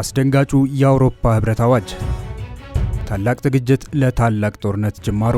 አስደንጋጩ የአውሮፓ ህብረት አዋጅ፣ ታላቅ ዝግጅት ለታላቅ ጦርነት ጅማሮ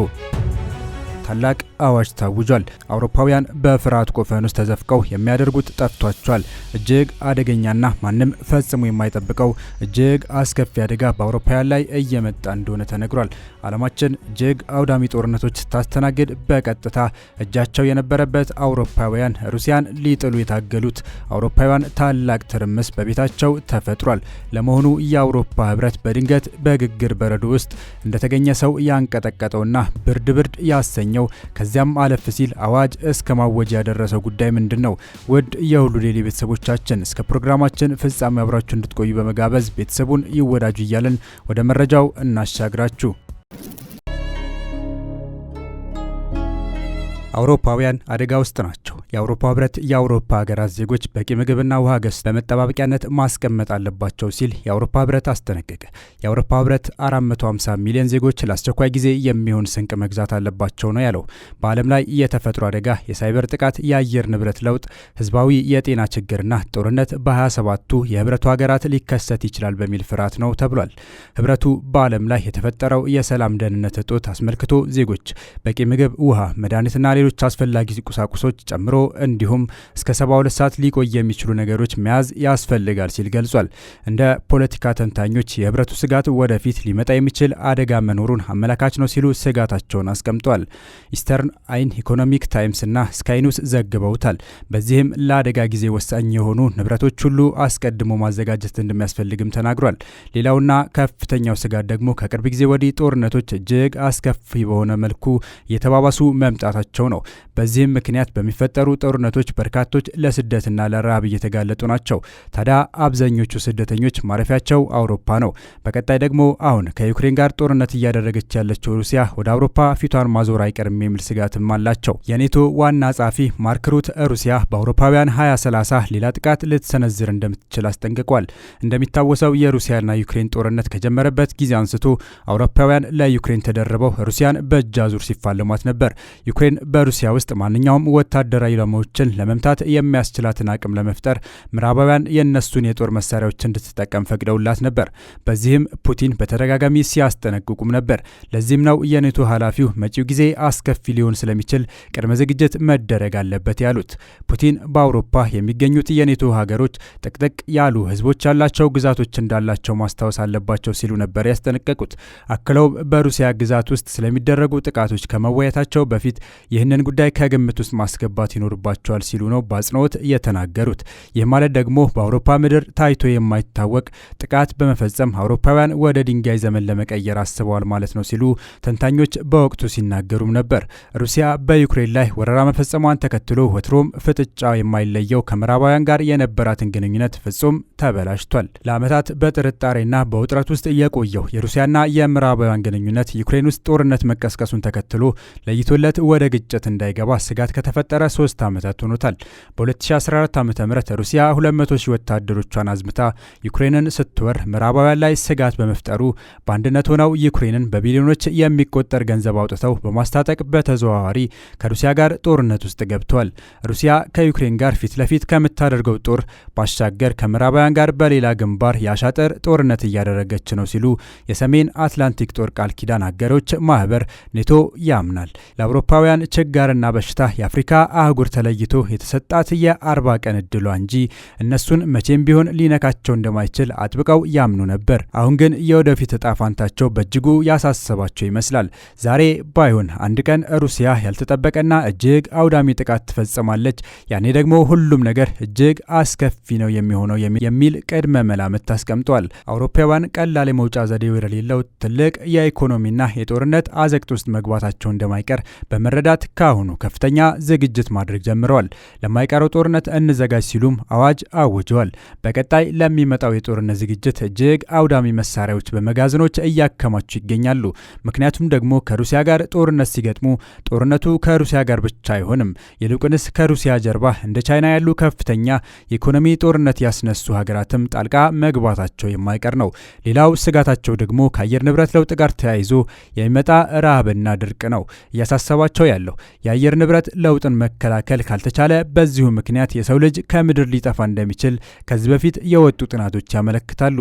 ታላቅ አዋጅ ታውጇል። አውሮፓውያን በፍርሃት ቆፈን ውስጥ ተዘፍቀው የሚያደርጉት ጠፍቷቸዋል። እጅግ አደገኛና ማንም ፈጽሞ የማይጠብቀው እጅግ አስከፊ አደጋ በአውሮፓውያን ላይ እየመጣ እንደሆነ ተነግሯል። ዓለማችን እጅግ አውዳሚ ጦርነቶች ስታስተናግድ በቀጥታ እጃቸው የነበረበት አውሮፓውያን ሩሲያን ሊጥሉ የታገሉት አውሮፓውያን ታላቅ ትርምስ በቤታቸው ተፈጥሯል። ለመሆኑ የአውሮፓ ህብረት በድንገት በግግር በረዶ ውስጥ እንደተገኘ ሰው ያንቀጠቀጠውና ብርድ ብርድ ያሰኘ የሚገኘው? ከዚያም አለፍ ሲል አዋጅ እስከ ማወጅ ያደረሰው ጉዳይ ምንድን ነው? ውድ የሁሉ ዴይሊ ቤተሰቦቻችን እስከ ፕሮግራማችን ፍጻሜ አብራችሁ እንድትቆዩ በመጋበዝ ቤተሰቡን ይወዳጁ እያለን ወደ መረጃው እናሻግራችሁ። አውሮፓውያን አደጋ ውስጥ ናቸው። የአውሮፓ ህብረት የአውሮፓ ሀገራት ዜጎች በቂ ምግብና ውሃ ገስ በመጠባበቂያነት ማስቀመጥ አለባቸው ሲል የአውሮፓ ህብረት አስጠነቀቀ። የአውሮፓ ህብረት 450 ሚሊዮን ዜጎች ለአስቸኳይ ጊዜ የሚሆን ስንቅ መግዛት አለባቸው ነው ያለው። በዓለም ላይ የተፈጥሮ አደጋ፣ የሳይበር ጥቃት፣ የአየር ንብረት ለውጥ፣ ህዝባዊ የጤና ችግርና ጦርነት በ27ቱ የህብረቱ ሀገራት ሊከሰት ይችላል በሚል ፍርሃት ነው ተብሏል። ህብረቱ በዓለም ላይ የተፈጠረው የሰላም ደህንነት እጦት አስመልክቶ ዜጎች በቂ ምግብ፣ ውሃ፣ መድኃኒትና ሌሎች አስፈላጊ ቁሳቁሶች ጨምሮ እንዲሁም እስከ 72 ሰዓት ሊቆይ የሚችሉ ነገሮች መያዝ ያስፈልጋል ሲል ገልጿል። እንደ ፖለቲካ ተንታኞች የህብረቱ ስጋት ወደፊት ሊመጣ የሚችል አደጋ መኖሩን አመላካች ነው ሲሉ ስጋታቸውን አስቀምጧል። ኢስተርን አይን ኢኮኖሚክ ስካይ ስካይኒውስ ዘግበውታል። በዚህም ለአደጋ ጊዜ ወሳኝ የሆኑ ንብረቶች ሁሉ አስቀድሞ ማዘጋጀት እንደሚያስፈልግም ተናግሯል። ሌላውና ከፍተኛው ስጋት ደግሞ ከቅርብ ጊዜ ወዲህ ጦርነቶች እጅግ አስከፊ በሆነ መልኩ የተባባሱ መምጣታቸው ነው። ነው። በዚህም ምክንያት በሚፈጠሩ ጦርነቶች በርካቶች ለስደትና ለረሃብ እየተጋለጡ ናቸው። ታዲያ አብዛኞቹ ስደተኞች ማረፊያቸው አውሮፓ ነው። በቀጣይ ደግሞ አሁን ከዩክሬን ጋር ጦርነት እያደረገች ያለችው ሩሲያ ወደ አውሮፓ ፊቷን ማዞር አይቀርም የሚል ስጋትም አላቸው። የኔቶ ዋና ጸሐፊ ማርክ ሩት ሩሲያ በአውሮፓውያን 2030 ሌላ ጥቃት ልትሰነዝር እንደምትችል አስጠንቅቋል። እንደሚታወሰው የሩሲያና ዩክሬን ጦርነት ከጀመረበት ጊዜ አንስቶ አውሮፓውያን ለዩክሬን ተደርበው ሩሲያን በእጅ አዙር ሲፋለሟት ነበር። ዩክሬን በ በሩሲያ ውስጥ ማንኛውም ወታደራዊ ኢላማዎችን ለመምታት የሚያስችላትን አቅም ለመፍጠር ምዕራባውያን የእነሱን የጦር መሳሪያዎች እንድትጠቀም ፈቅደውላት ነበር። በዚህም ፑቲን በተደጋጋሚ ሲያስጠነቅቁም ነበር። ለዚህም ነው የኔቶ ኃላፊው መጪው ጊዜ አስከፊ ሊሆን ስለሚችል ቅድመ ዝግጅት መደረግ አለበት ያሉት። ፑቲን በአውሮፓ የሚገኙት የኔቶ ሀገሮች ጥቅጥቅ ያሉ ህዝቦች ያላቸው ግዛቶች እንዳላቸው ማስታወስ አለባቸው ሲሉ ነበር ያስጠነቀቁት። አክለው በሩሲያ ግዛት ውስጥ ስለሚደረጉ ጥቃቶች ከመወያየታቸው በፊት ይህን ይህንን ጉዳይ ከግምት ውስጥ ማስገባት ይኖርባቸዋል ሲሉ ነው በአጽንኦት የተናገሩት። ይህ ማለት ደግሞ በአውሮፓ ምድር ታይቶ የማይታወቅ ጥቃት በመፈጸም አውሮፓውያን ወደ ድንጋይ ዘመን ለመቀየር አስበዋል ማለት ነው ሲሉ ተንታኞች በወቅቱ ሲናገሩም ነበር። ሩሲያ በዩክሬን ላይ ወረራ መፈጸሟን ተከትሎ ወትሮም ፍጥጫ የማይለየው ከምዕራባውያን ጋር የነበራትን ግንኙነት ፍጹም ተበላሽቷል። ለዓመታት በጥርጣሬና በውጥረት ውስጥ የቆየው የሩሲያና የምዕራባውያን ግንኙነት ዩክሬን ውስጥ ጦርነት መቀስቀሱን ተከትሎ ለይቶለት ወደ ግጭ ግጭት እንዳይገባ ስጋት ከተፈጠረ ሶስት ዓመታት ሆኖታል። በ2014 ዓ ም ሩሲያ 200 ሺህ ወታደሮቿን አዝምታ ዩክሬንን ስትወር ምዕራባውያን ላይ ስጋት በመፍጠሩ በአንድነት ሆነው ዩክሬንን በቢሊዮኖች የሚቆጠር ገንዘብ አውጥተው በማስታጠቅ በተዘዋዋሪ ከሩሲያ ጋር ጦርነት ውስጥ ገብተዋል። ሩሲያ ከዩክሬን ጋር ፊት ለፊት ከምታደርገው ጦር ባሻገር ከምዕራባውያን ጋር በሌላ ግንባር የአሻጥር ጦርነት እያደረገች ነው ሲሉ የሰሜን አትላንቲክ ጦር ቃል ኪዳን አገሮች ማህበር ኔቶ ያምናል። ለአውሮፓውያን ከችጋርና በሽታ የአፍሪካ አህጉር ተለይቶ የተሰጣት የአርባ ቀን እድሏ እንጂ እነሱን መቼም ቢሆን ሊነካቸው እንደማይችል አጥብቀው ያምኑ ነበር። አሁን ግን የወደፊት እጣ ፋንታቸው በእጅጉ ያሳሰባቸው ይመስላል። ዛሬ ባይሆን አንድ ቀን ሩሲያ ያልተጠበቀና እጅግ አውዳሚ ጥቃት ትፈጽማለች። ያኔ ደግሞ ሁሉም ነገር እጅግ አስከፊ ነው የሚሆነው የሚል ቅድመ መላምት አስቀምጧል። አውሮፓውያን ቀላል የመውጫ ዘዴ የሌለው ትልቅ የኢኮኖሚና የጦርነት አዘቅት ውስጥ መግባታቸው እንደማይቀር በመረዳት ከአሁኑ ከፍተኛ ዝግጅት ማድረግ ጀምረዋል። ለማይቀረው ጦርነት እንዘጋጅ ሲሉም አዋጅ አውጀዋል። በቀጣይ ለሚመጣው የጦርነት ዝግጅት እጅግ አውዳሚ መሳሪያዎች በመጋዘኖች እያከማቹ ይገኛሉ። ምክንያቱም ደግሞ ከሩሲያ ጋር ጦርነት ሲገጥሙ ጦርነቱ ከሩሲያ ጋር ብቻ አይሆንም። ይልቁንስ ከሩሲያ ጀርባ እንደ ቻይና ያሉ ከፍተኛ የኢኮኖሚ ጦርነት ያስነሱ ሀገራትም ጣልቃ መግባታቸው የማይቀር ነው። ሌላው ስጋታቸው ደግሞ ከአየር ንብረት ለውጥ ጋር ተያይዞ የሚመጣ ረሃብና ድርቅ ነው እያሳሰባቸው ያለው። የአየር ንብረት ለውጥን መከላከል ካልተቻለ በዚሁ ምክንያት የሰው ልጅ ከምድር ሊጠፋ እንደሚችል ከዚህ በፊት የወጡ ጥናቶች ያመለክታሉ።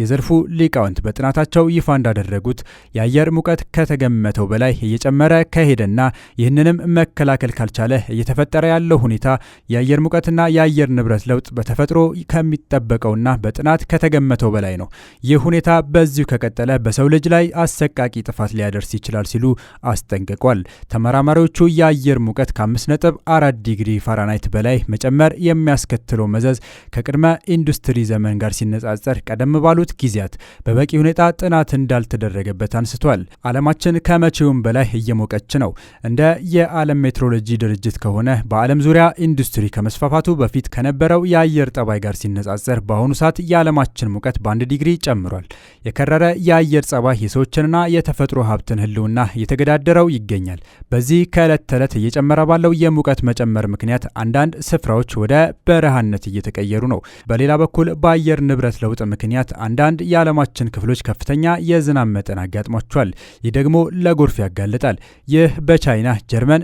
የዘርፉ ሊቃውንት በጥናታቸው ይፋ እንዳደረጉት የአየር ሙቀት ከተገመተው በላይ እየጨመረ ከሄደና ይህንንም መከላከል ካልቻለ እየተፈጠረ ያለው ሁኔታ የአየር ሙቀትና የአየር ንብረት ለውጥ በተፈጥሮ ከሚጠበቀውና በጥናት ከተገመተው በላይ ነው። ይህ ሁኔታ በዚሁ ከቀጠለ በሰው ልጅ ላይ አሰቃቂ ጥፋት ሊያደርስ ይችላል ሲሉ አስጠንቅቋል። ተመራማሪዎቹ የአየር ሙቀት ከ5.4 ዲግሪ ፋራናይት በላይ መጨመር የሚያስከትለው መዘዝ ከቅድመ ኢንዱስትሪ ዘመን ጋር ሲነጻጸር ቀደም ባሉ ባሉት ጊዜያት በበቂ ሁኔታ ጥናት እንዳልተደረገበት አንስቷል። ዓለማችን ከመቼውም በላይ እየሞቀች ነው። እንደ የዓለም ሜትሮሎጂ ድርጅት ከሆነ በዓለም ዙሪያ ኢንዱስትሪ ከመስፋፋቱ በፊት ከነበረው የአየር ጠባይ ጋር ሲነጻጸር በአሁኑ ሰዓት የዓለማችን ሙቀት በአንድ ዲግሪ ጨምሯል። የከረረ የአየር ጸባይ የሰዎችንና የተፈጥሮ ሀብትን ህልውና እየተገዳደረው ይገኛል። በዚህ ከዕለት ተዕለት እየጨመረ ባለው የሙቀት መጨመር ምክንያት አንዳንድ ስፍራዎች ወደ በረሃነት እየተቀየሩ ነው። በሌላ በኩል በአየር ንብረት ለውጥ ምክንያት አንዳንድ የዓለማችን ክፍሎች ከፍተኛ የዝናብ መጠን አጋጥሟቸዋል። ይህ ደግሞ ለጎርፍ ያጋልጣል። ይህ በቻይና ጀርመን፣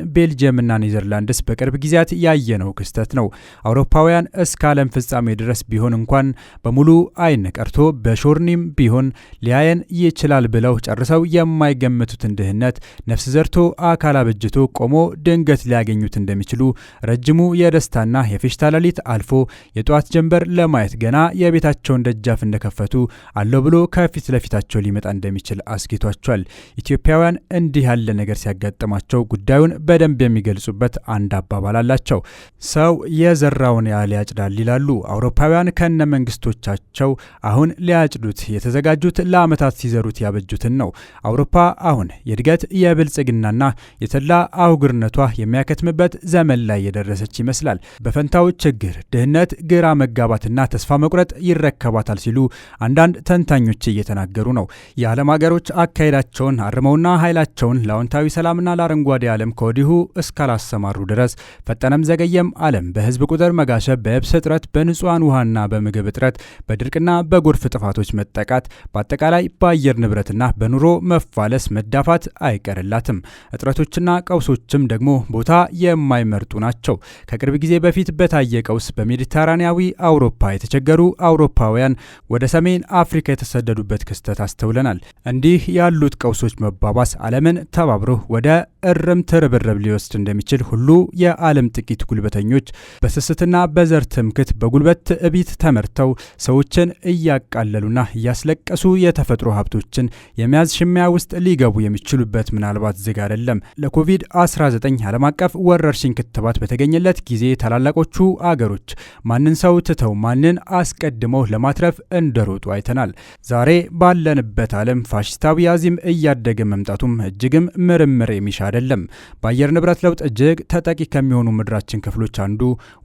እና ኔዘርላንድስ በቅርብ ጊዜያት ያየነው ክስተት ነው። አውሮፓውያን እስከ ዓለም ፍጻሜ ድረስ ቢሆን እንኳን በሙሉ አይን ቀርቶ በሾርኒም ቢሆን ሊያየን ይችላል ብለው ጨርሰው የማይገምቱትን ድህነት ነፍስ ዘርቶ አካል አበጅቶ ቆሞ ድንገት ሊያገኙት እንደሚችሉ ረጅሙ የደስታና የፌሽታ ሌሊት አልፎ የጠዋት ጀንበር ለማየት ገና የቤታቸውን ደጃፍ እንደከፈቱ አለው ብሎ ከፊት ለፊታቸው ሊመጣ እንደሚችል አስጌቷቸዋል። ኢትዮጵያውያን እንዲህ ያለ ነገር ሲያጋጥማቸው ጉዳዩን በደንብ የሚገልጹበት አንድ አባባል አላቸው። ሰው የዘራውን ያህል ያጭዳል ይላሉ። አውሮፓውያን ከነ መንግስቶቻቸው አሁን ሊያጭዱት የተዘጋጁት ለአመታት ሲዘሩት ያበጁትን ነው። አውሮፓ አሁን የእድገት የብልጽግናና የተላ አውግርነቷ የሚያከትምበት ዘመን ላይ የደረሰች ይመስላል። በፈንታው ችግር፣ ድህነት፣ ግራ መጋባትና ተስፋ መቁረጥ ይረከባታል ሲሉ አንዳንድ ተንታኞች እየተናገሩ ነው። የዓለም ሀገሮች አካሄዳቸውን አርመውና ኃይላቸውን ለአዎንታዊ ሰላምና ለአረንጓዴ ዓለም ከወዲሁ እስካላሰማሩ ድረስ ፈጠነም ዘገየም ዓለም በህዝብ ቁጥር መጋሸብ፣ በየብስ እጥረት፣ በንጹሐን ውሃና በምግብ እጥረት፣ በድርቅና በጎርፍ ጥፋቶች መጠቃት፣ በአጠቃላይ በአየር ንብረትና በኑሮ መፋለስ መዳፋት አይቀርላትም። እጥረቶችና ቀውሶችም ደግሞ ቦታ የማይመርጡ ናቸው። ከቅርብ ጊዜ በፊት በታየ ቀውስ በሜዲተራኒያዊ አውሮፓ የተቸገሩ አውሮፓውያን ወደ ሰሜን ሰሜን አፍሪካ የተሰደዱበት ክስተት አስተውለናል። እንዲህ ያሉት ቀውሶች መባባስ ዓለምን ተባብሮ ወደ እርምት ርብርብ ሊወስድ እንደሚችል ሁሉ የዓለም ጥቂት ጉልበተኞች በስስትና በዘር ትምክት በጉልበት ትዕቢት ተመርተው ሰዎችን እያቃለሉና እያስለቀሱ የተፈጥሮ ሀብቶችን የመያዝ ሽሚያ ውስጥ ሊገቡ የሚችሉበት ምናልባት ዝግ አይደለም። ለኮቪድ-19 ዓለም አቀፍ ወረርሽኝ ክትባት በተገኘለት ጊዜ ታላላቆቹ አገሮች ማንን ሰው ትተው ማንን አስቀድመው ለማትረፍ እንደሮጡ ሲወጡ አይተናል። ዛሬ ባለንበት ዓለም ፋሽስታዊ አዚም እያደገ መምጣቱም እጅግም ምርምር የሚሻ አይደለም። በአየር ንብረት ለውጥ እጅግ ተጠቂ ከሚሆኑ ምድራችን ክፍሎች አንዱ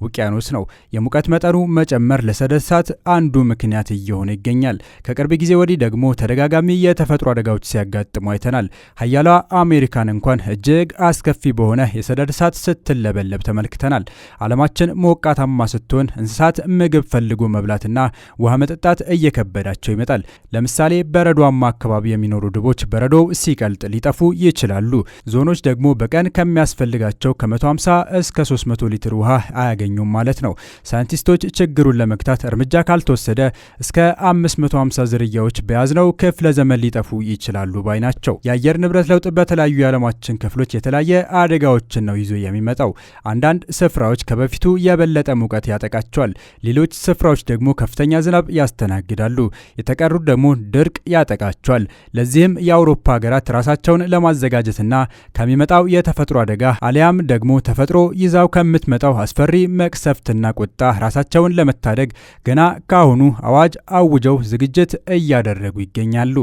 ውቅያኖስ ነው። የሙቀት መጠኑ መጨመር ለሰደድ እሳት አንዱ ምክንያት እየሆነ ይገኛል። ከቅርብ ጊዜ ወዲህ ደግሞ ተደጋጋሚ የተፈጥሮ አደጋዎች ሲያጋጥሙ አይተናል። ሀያሏ አሜሪካን እንኳን እጅግ አስከፊ በሆነ የሰደድ እሳት ስትለበለብ ተመልክተናል። ዓለማችን ሞቃታማ ስትሆን እንስሳት ምግብ ፈልጎ መብላትና ውሃ መጠጣት እየከ እየከበዳቸው ይመጣል። ለምሳሌ በረዷማ አካባቢ የሚኖሩ ድቦች በረዶ ሲቀልጥ ሊጠፉ ይችላሉ። ዞኖች ደግሞ በቀን ከሚያስፈልጋቸው ከ150 እስከ 300 ሊትር ውሃ አያገኙም ማለት ነው። ሳይንቲስቶች ችግሩን ለመግታት እርምጃ ካልተወሰደ እስከ 550 ዝርያዎች በያዝነው ክፍለ ዘመን ሊጠፉ ይችላሉ ባይ ናቸው። የአየር ንብረት ለውጥ በተለያዩ የዓለማችን ክፍሎች የተለያየ አደጋዎችን ነው ይዞ የሚመጣው። አንዳንድ ስፍራዎች ከበፊቱ የበለጠ ሙቀት ያጠቃቸዋል። ሌሎች ስፍራዎች ደግሞ ከፍተኛ ዝናብ ያስተናግዳሉ። ይኖራሉ። የተቀሩት ደግሞ ድርቅ ያጠቃቸዋል። ለዚህም የአውሮፓ ሀገራት ራሳቸውን ለማዘጋጀትና ከሚመጣው የተፈጥሮ አደጋ አሊያም ደግሞ ተፈጥሮ ይዛው ከምትመጣው አስፈሪ መቅሰፍትና ቁጣ ራሳቸውን ለመታደግ ገና ካሁኑ አዋጅ አውጀው ዝግጅት እያደረጉ ይገኛሉ።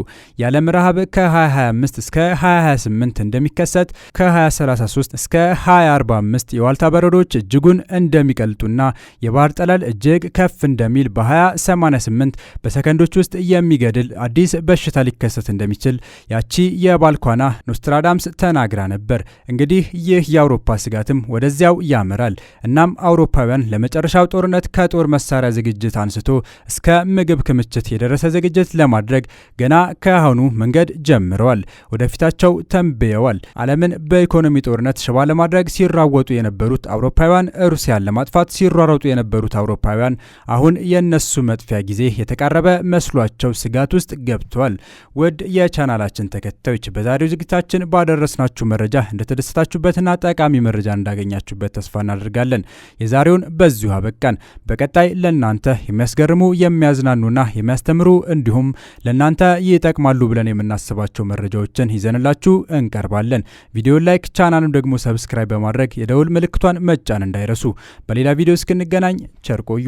የዓለም ረሃብ ከ2025 እስከ 2028 እንደሚከሰት ከ2033 እስከ 2045 የዋልታ በረዶች እጅጉን እንደሚቀልጡና የባህር ጠለል እጅግ ከፍ እንደሚል በ2088 በሰ ሰከንዶች ውስጥ የሚገድል አዲስ በሽታ ሊከሰት እንደሚችል ያቺ የባልኳና ኖስትራዳምስ ተናግራ ነበር። እንግዲህ ይህ የአውሮፓ ስጋትም ወደዚያው ያመራል። እናም አውሮፓውያን ለመጨረሻው ጦርነት ከጦር መሳሪያ ዝግጅት አንስቶ እስከ ምግብ ክምችት የደረሰ ዝግጅት ለማድረግ ገና ከአሁኑ መንገድ ጀምረዋል። ወደፊታቸው ተንብየዋል። ዓለምን በኢኮኖሚ ጦርነት ሽባ ለማድረግ ሲራወጡ የነበሩት አውሮፓውያን፣ ሩሲያን ለማጥፋት ሲሯረጡ የነበሩት አውሮፓውያን አሁን የነሱ መጥፊያ ጊዜ የተቃረበ በመስሏቸው ስጋት ውስጥ ገብቷል። ውድ የቻናላችን ተከታዮች በዛሬው ዝግጅታችን ባደረስናችሁ መረጃ እንደተደሰታችሁበትና ጠቃሚ መረጃ እንዳገኛችሁበት ተስፋ እናደርጋለን። የዛሬውን በዚሁ አበቃን። በቀጣይ ለእናንተ የሚያስገርሙ የሚያዝናኑና የሚያስተምሩ እንዲሁም ለእናንተ ይጠቅማሉ ብለን የምናስባቸው መረጃዎችን ይዘንላችሁ እንቀርባለን። ቪዲዮ ላይክ፣ ቻናልም ደግሞ ሰብስክራይብ በማድረግ የደውል ምልክቷን መጫን እንዳይረሱ። በሌላ ቪዲዮ እስክንገናኝ ቸር ቆዩ።